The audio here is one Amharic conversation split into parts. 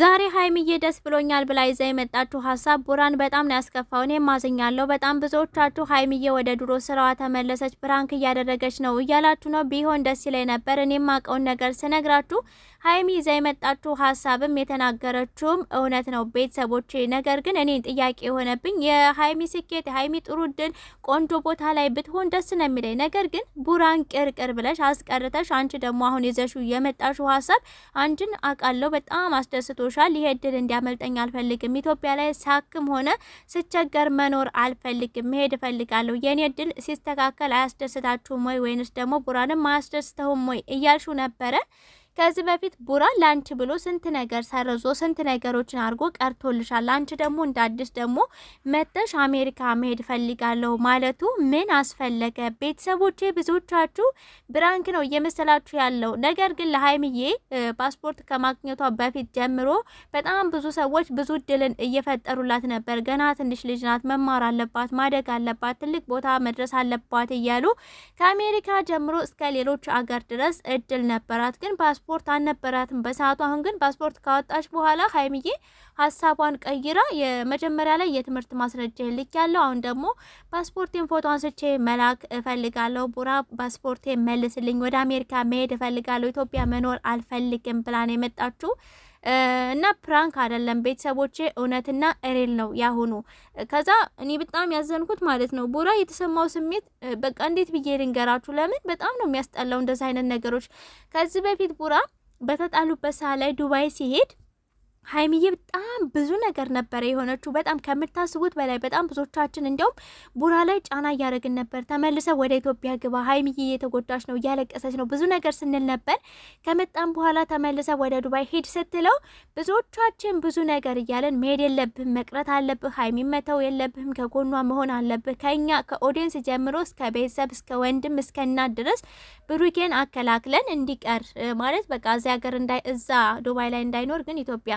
ዛሬ ሀይሚዬ ደስ ብሎኛል ብላ ይዛ የመጣችሁ ሀሳብ ቡራን በጣም ነው ያስከፋው። እኔም አዝኛለሁ። በጣም ብዙዎቻችሁ ሀይሚዬ ወደ ድሮ ስራዋ ተመለሰች፣ ፕራንክ እያደረገች ነው እያላችሁ ነው። ቢሆን ደስ ይለኝ ነበር። እኔም አቀውን ነገር ስነግራችሁ ሀይሚ ይዛ የመጣችው ሀሳብም የተናገረችውም እውነት ነው ቤተሰቦች። ነገር ግን እኔን ጥያቄ የሆነብኝ የሀይሚ ስኬት የሀይሚ ጥሩ ድል ቆንጆ ቦታ ላይ ብትሆን ደስ ነው የሚለኝ። ነገር ግን ቡራን ቅርቅር ብለሽ አስቀርተሽ አንቺ ደግሞ አሁን ይዘሹ የመጣሽው ሀሳብ አንቺን አቃለው በጣም አስደስቶሻል። ይሄ ድል እንዲያመልጠኝ አልፈልግም። ኢትዮጵያ ላይ ሳክም ሆነ ስቸገር መኖር አልፈልግም። መሄድ እፈልጋለሁ። የኔ ድል ሲስተካከል አያስደስታችሁም ወይ? ወይንስ ደግሞ ቡራንም አያስደስተውም ወይ እያልሹ ነበረ ከዚህ በፊት ቡራ ላንቺ ብሎ ስንት ነገር ሰርዞ ስንት ነገሮችን አድርጎ ቀርቶልሻል። ላንቺ ደግሞ እንደ አዲስ ደግሞ መጠሽ አሜሪካ መሄድ ፈልጋለሁ ማለቱ ምን አስፈለገ? ቤተሰቦቼ ብዙዎቻችሁ ብራንክ ነው እየመሰላችሁ ያለው ነገር ግን ለሀይምዬ ፓስፖርት ከማግኘቷ በፊት ጀምሮ በጣም ብዙ ሰዎች ብዙ እድልን እየፈጠሩላት ነበር። ገና ትንሽ ልጅ ናት፣ መማር አለባት፣ ማደግ አለባት፣ ትልቅ ቦታ መድረስ አለባት እያሉ ከአሜሪካ ጀምሮ እስከ ሌሎች አገር ድረስ እድል ነበራት ግን ፓስፖርት አልነበራትም በሰዓቱ። አሁን ግን ፓስፖርት ካወጣች በኋላ ሀይሚዬ ሀሳቧን ቀይራ የመጀመሪያ ላይ የትምህርት ማስረጃ ይልክ ያለው አሁን ደግሞ ፓስፖርቴን ፎቶ አንስቼ መላክ እፈልጋለሁ፣ ቡራ ፓስፖርቴ መልስልኝ፣ ወደ አሜሪካ መሄድ እፈልጋለሁ፣ ኢትዮጵያ መኖር አልፈልግም ብላ ነው እና ፕራንክ አይደለም ቤተሰቦቼ፣ እውነትና ሬል ነው ያሁኑ። ከዛ እኔ በጣም ያዘንኩት ማለት ነው ቡራ የተሰማው ስሜት በቃ እንዴት ብዬ ልንገራችሁ? ለምን በጣም ነው የሚያስጠላው እንደዚህ አይነት ነገሮች። ከዚህ በፊት ቡራ በተጣሉበት ሰዓት ላይ ዱባይ ሲሄድ ሀይሚዬ በጣም ብዙ ነገር ነበረ የሆነችው፣ በጣም ከምታስቡት በላይ በጣም ብዙዎቻችን እንዲያውም ቡራ ላይ ጫና እያደረግን ነበር። ተመልሰ ወደ ኢትዮጵያ ግባ ሀይሚዬ እየተጎዳች ነው፣ እያለቀሰች ነው፣ ብዙ ነገር ስንል ነበር። ከመጣም በኋላ ተመልሰ ወደ ዱባይ ሄድ ስትለው ብዙዎቻችን ብዙ ነገር እያለን መሄድ የለብህም መቅረት አለብህ፣ ሀይሚ መተው የለብህም ከጎኗ መሆን አለብህ። ከኛ ከኦዲየንስ ጀምሮ እስከ ቤተሰብ እስከ ወንድም እስከ እናት ድረስ ብሩኬን አከላክለን እንዲቀር ማለት በቃ እዚያ ሀገር እዛ ዱባይ ላይ እንዳይኖር ግን ኢትዮጵያ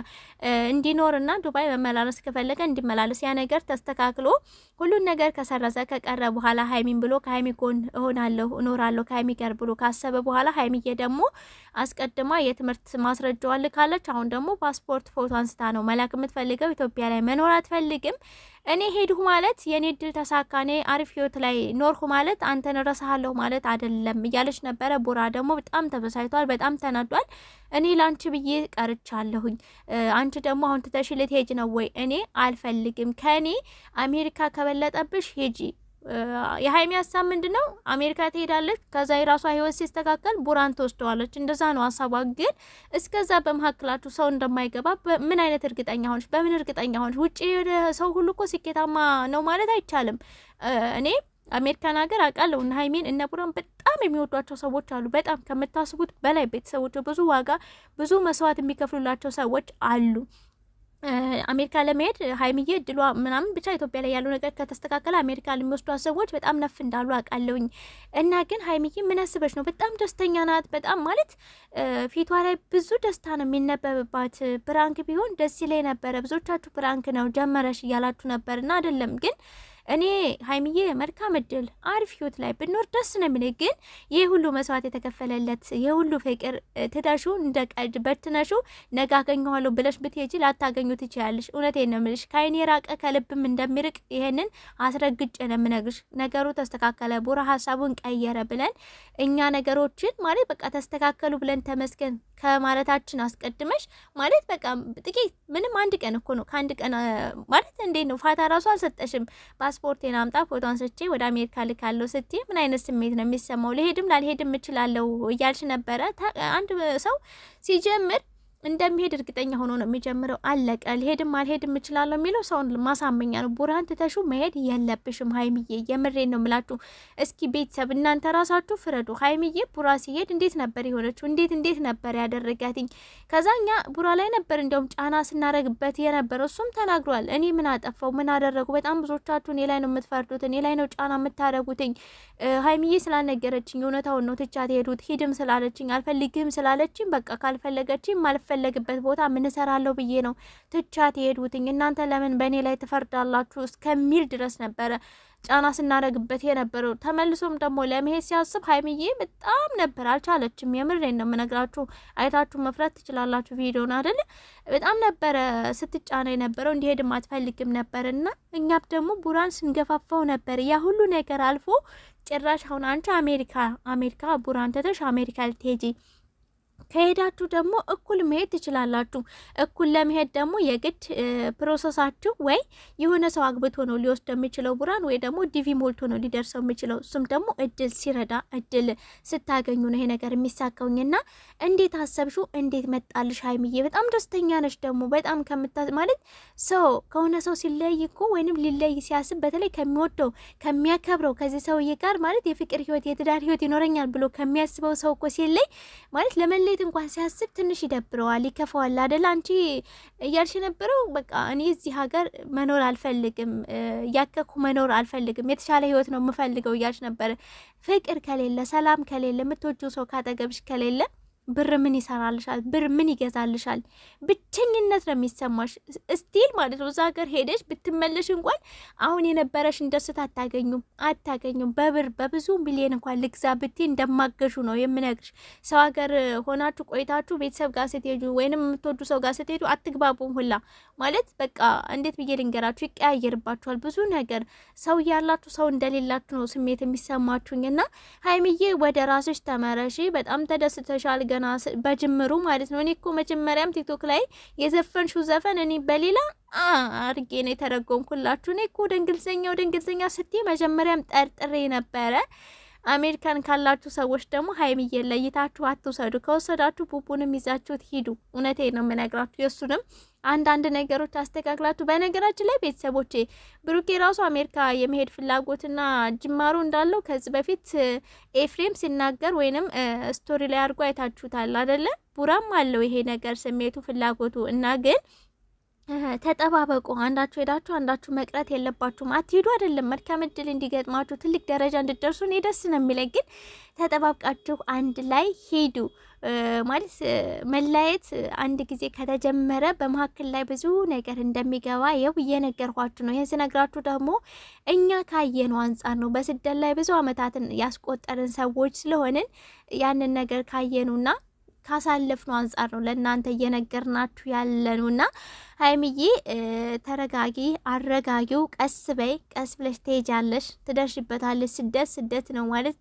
እንዲኖርና ዱባይ መመላለስ ከፈለገ እንዲመላለስ ያ ነገር ተስተካክሎ ሁሉን ነገር ከሰረዘ ከቀረ በኋላ ሀይሚን ብሎ ከሀይሚ ጎን እሆናለሁ እኖራለሁ ከሀይሚ ጋር ብሎ ካሰበ በኋላ ሀይሚዬ ደግሞ አስቀድማ የትምህርት ማስረጃዋን ልካለች። አሁን ደግሞ ፓስፖርት ፎቶ አንስታ ነው መላክ የምትፈልገው። ኢትዮጵያ ላይ መኖር አትፈልግም። እኔ ሄድሁ ማለት የኔ ድል ተሳካ፣ እኔ አሪፍ ህይወት ላይ ኖርሁ ማለት አንተን ረሳሃለሁ ማለት አይደለም እያለች ነበረ። ቡራ ደግሞ በጣም ተበሳጭቷል፣ በጣም ተናዷል። እኔ ለአንቺ ብዬ ቀርቻለሁኝ፣ አንቺ ደግሞ አሁን ትተሽ ልትሄጂ ነው ወይ? እኔ አልፈልግም፣ ከእኔ አሜሪካ ከበለጠብሽ ሄጂ የሀይሚ ሀሳብ ምንድ ነው? አሜሪካ ትሄዳለች። ከዛ የራሷ ህይወት ሲስተካከል ቡራን ትወስደዋለች። እንደዛ ነው ሀሳቧ። ግን እስከዛ በመካከላችሁ ሰው እንደማይገባ ምን አይነት እርግጠኛ ሆነች? በምን እርግጠኛ ሆነች? ውጭ ሰው ሁሉ እኮ ስኬታማ ነው ማለት አይቻልም። እኔ አሜሪካን ሀገር አውቃለሁ። እነ ሀይሜን እነ ቡራን በጣም የሚወዷቸው ሰዎች አሉ። በጣም ከምታስቡት በላይ ቤተሰቦች ብዙ ዋጋ ብዙ መስዋዕት የሚከፍሉላቸው ሰዎች አሉ። አሜሪካ ለመሄድ ሀይምዬ እድሏ ምናምን ብቻ ኢትዮጵያ ላይ ያለው ነገር ከተስተካከለ አሜሪካ ለሚወስዷት ሰዎች በጣም ነፍ እንዳሉ አውቃለሁኝ። እና ግን ሀይምዬ ምን አስበሽ ነው? በጣም ደስተኛ ናት። በጣም ማለት ፊቷ ላይ ብዙ ደስታ ነው የሚነበብባት። ብራንክ ቢሆን ደስ ይለኝ ነበረ። ብዙዎቻችሁ ብራንክ ነው ጀመረሽ እያላችሁ ነበር እና አይደለም ግን እኔ ሀይሚዬ መልካም እድል አሪፍ ህይወት ላይ ብኖር ደስ ነው የሚል ግን ይህ ሁሉ መስዋዕት የተከፈለለት ይህ ሁሉ ፍቅር ትተሹ እንደ ቀልድ በትነሹ ነገ አገኘኋለሁ ብለሽ ብትሄጂ ላታገኙ ትችላለሽ። እውነቴን ነው የምልሽ። ከአይኔ የራቀ ከልብም እንደሚርቅ ይሄንን አስረግጬ ነው የምነግርሽ። ነገሩ ተስተካከለ፣ ቡራ ሀሳቡን ቀየረ ብለን እኛ ነገሮችን ማለት በቃ ተስተካከሉ ብለን ተመስገን ከማለታችን አስቀድመሽ ማለት በቃ ጥቂት ምንም አንድ ቀን እኮ ነው ከአንድ ቀን ማለት እንዴት ነው ፋታ ራሱ አልሰጠሽም ፓስፖርቴን አምጣ ፎቶ አንስቼ ወደ አሜሪካ ልካለሁ ስቲ ምን አይነት ስሜት ነው የሚሰማው? ልሄድም ላልሄድም እችላለሁ እያልሽ ነበረ። አንድ ሰው ሲጀምር እንደሚሄድ እርግጠኛ ሆኖ ነው የሚጀምረው። አለቀ። ልሄድም አልሄድም እችላለሁ የሚለው ሰውን ማሳመኛ ነው። ቡራን ትተሹ መሄድ የለብሽም ሀይሚዬ፣ የምሬ ነው ምላችሁ። እስኪ ቤተሰብ እናንተ ራሳችሁ ፍረዱ። ሀይሚዬ ቡራ ሲሄድ እንዴት ነበር የሆነችው? እንዴት እንዴት ነበር ያደረጋትኝ? ከዛ እኛ ቡራ ላይ ነበር እንዲያውም ጫና ስናረግበት የነበረው። እሱም ተናግሯል። እኔ ምን አጠፋው? ምን አደረጉ? በጣም ብዙዎቻችሁ እኔ ላይ ነው የምትፈርዱት፣ እኔ ላይ ነው ጫና የምታደረጉትኝ። ሀይሚዬ ስላልነገረችኝ እውነታውን ነው ትቻት ሄዱት። ሂድም ስላለችኝ አልፈልግህም ስላለችኝ በቃ ካልፈለገችኝ ማልፈ በሚፈለግበት ቦታ ምን እሰራለሁ ብዬ ነው ትቻት የሄድኩትኝ። እናንተ ለምን በእኔ ላይ ትፈርዳላችሁ እስከሚል ድረስ ነበረ ጫና ስናደርግበት የነበረው። ተመልሶም ደግሞ ለመሄድ ሲያስብ ሀይምዬ በጣም ነበር አልቻለችም። የምር ነው የምነግራችሁ። አይታችሁ መፍረት ትችላላችሁ ቪዲዮን አይደል። በጣም ነበረ ስትጫና የነበረው እንዲሄድም አትፈልግም እና እኛም ደግሞ ቡራን ስንገፋፋው ነበር ያ ሁሉ ነገር አልፎ ጭራሽ አሁን አንቺ አሜሪካ አሜሪካ ቡራን ተተሽ አሜሪካ ልትሄጂ ከሄዳችሁ ደግሞ እኩል መሄድ ትችላላችሁ። እኩል ለመሄድ ደግሞ የግድ ፕሮሰሳችሁ ወይ የሆነ ሰው አግብቶ ነው ሊወስድ የሚችለው ቡራን፣ ወይ ደግሞ ዲቪ ሞልቶ ነው ሊደርሰው የሚችለው። እሱም ደግሞ እድል ሲረዳ እድል ስታገኙ ነው ይሄ ነገር የሚሳካውኝና እንዴት አሰብሹ? እንዴት መጣልሽ ሀይሚዬ? በጣም ደስተኛ ነች። ደግሞ በጣም ከምታ ማለት ሰው ከሆነ ሰው ሲለይ እኮ ወይንም ሊለይ ሲያስብ በተለይ ከሚወደው ከሚያከብረው ከዚህ ሰውዬ ጋር ማለት የፍቅር ህይወት የትዳር ህይወት ይኖረኛል ብሎ ከሚያስበው ሰው እኮ ሲለይ ማለት ለመለ ሴት እንኳን ሲያስብ ትንሽ ይደብረዋል፣ ይከፈዋል አደል? አንቺ እያልሽ የነበረው በቃ እኔ እዚህ ሀገር መኖር አልፈልግም፣ እያከኩ መኖር አልፈልግም፣ የተሻለ ህይወት ነው የምፈልገው እያልሽ ነበር። ፍቅር ከሌለ፣ ሰላም ከሌለ፣ የምትወጂው ሰው ካጠገብሽ ከሌለ ብር ምን ይሰራልሻል? ብር ምን ይገዛልሻል? ብቸኝነት ነው የሚሰማሽ እስቲል ማለት ነው። እዛ ሀገር ሄደሽ ብትመለሽ እንኳን አሁን የነበረሽን ደስታ አታገኙም አታገኙም። በብር በብዙ ሚሊዮን እንኳን ልግዛ ብቴ እንደማገሹ ነው የምነግርሽ። ሰው ሀገር ሆናችሁ ቆይታችሁ ቤተሰብ ጋር ስትሄዱ ወይንም የምትወዱ ሰው ጋር ስትሄዱ አትግባቡም ሁላ ማለት በቃ እንዴት ብዬ ልንገራችሁ፣ ይቀያየርባችኋል ብዙ ነገር። ሰው እያላችሁ ሰው እንደሌላችሁ ነው ስሜት የሚሰማችሁኝ። እና ሀይሚዬ ወደ ራስሽ ተመረሺ። በጣም ተደስተሻል። ገና በጅምሩ ማለት ነው። እኔ እኮ መጀመሪያም ቲክቶክ ላይ የዘፈንሽው ዘፈን እኔ በሌላ አድርጌ ነው የተረጎምኩላችሁ። እኔ እኮ ወደ እንግሊዝኛ ወደ እንግሊዝኛ ስትይ መጀመሪያም ጠርጥሬ ነበረ። አሜሪካን ካላችሁ ሰዎች ደግሞ ሀይሚዬ ለይታችሁ አትውሰዱ። ከወሰዳችሁ ቡቡንም ይዛችሁት ሂዱ። እውነቴ ነው የምነግራችሁ የእሱንም አንዳንድ ነገሮች አስተካክላችሁ። በነገራችን ላይ ቤተሰቦቼ ብሩኬ ራሱ አሜሪካ የመሄድ ፍላጎትና ጅማሩ እንዳለው ከዚህ በፊት ኤፍሬም ሲናገር ወይንም ስቶሪ ላይ አድርጎ አይታችሁታል አደለ? ቡራም አለው ይሄ ነገር ስሜቱ ፍላጎቱ እና ግን ተጠባበቁ። አንዳችሁ ሄዳችሁ አንዳችሁ መቅረት የለባችሁም። አትሄዱ አይደለም መልካም እድል እንዲገጥማችሁ ትልቅ ደረጃ እንድትደርሱ እኔ ደስ ነው የሚለኝ። ግን ተጠባብቃችሁ አንድ ላይ ሄዱ። ማለት መለያየት አንድ ጊዜ ከተጀመረ በመካከል ላይ ብዙ ነገር እንደሚገባ የው እየነገርኳችሁ ነው። ይህን ስነግራችሁ ደግሞ እኛ ካየነው አንጻር ነው። በስደት ላይ ብዙ ዓመታትን ያስቆጠርን ሰዎች ስለሆንን ያንን ነገር ካየኑና ካሳለፍነው አንጻር ነው ለእናንተ እየነገርናችሁ እና ሀይሚዬ ተረጋጊ፣ አረጋጊው፣ ቀስ በይ። ቀስ ብለሽ ትሄጃለሽ፣ ትደርሽበታለሽ። ስደት ስደት ነው ማለት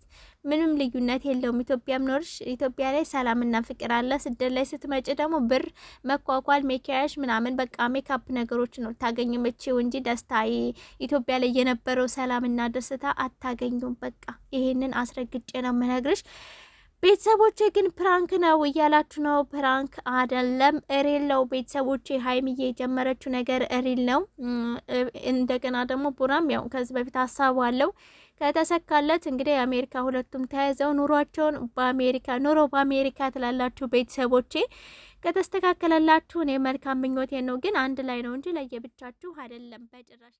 ምንም ልዩነት የለውም። ኢትዮጵያም ኖርሽ ኢትዮጵያ ላይ ሰላምና ፍቅር አለ። ስደት ላይ ስትመጭ ደግሞ ብር፣ መኳኳል፣ ሜኪያዥ ምናምን በቃ ሜካፕ ነገሮች ነው ልታገኝ መቼው እንጂ ደስታዬ ኢትዮጵያ ላይ የነበረው ሰላምና ደስታ አታገኙም። በቃ ይሄንን አስረግጬ ነው የምነግርሽ። ቤተሰቦቼ ግን ፕራንክ ነው እያላችሁ ነው። ፕራንክ አደለም ሪል ነው። ቤተሰቦቼ ሀይሚዬ የጀመረችው ነገር ሪል ነው። እንደገና ደግሞ ቡራም ያው ከዚህ በፊት ሀሳቡ አለው ከተሰካለት እንግዲህ አሜሪካ ሁለቱም ተያይዘው ኑሯቸውን በአሜሪካ ኑሮ በአሜሪካ ትላላችሁ ቤተሰቦቼ። ከተስተካከለላችሁ እኔ መልካም ምኞቴ ነው፣ ግን አንድ ላይ ነው እንጂ ለየብቻችሁ አይደለም በጭራሽ።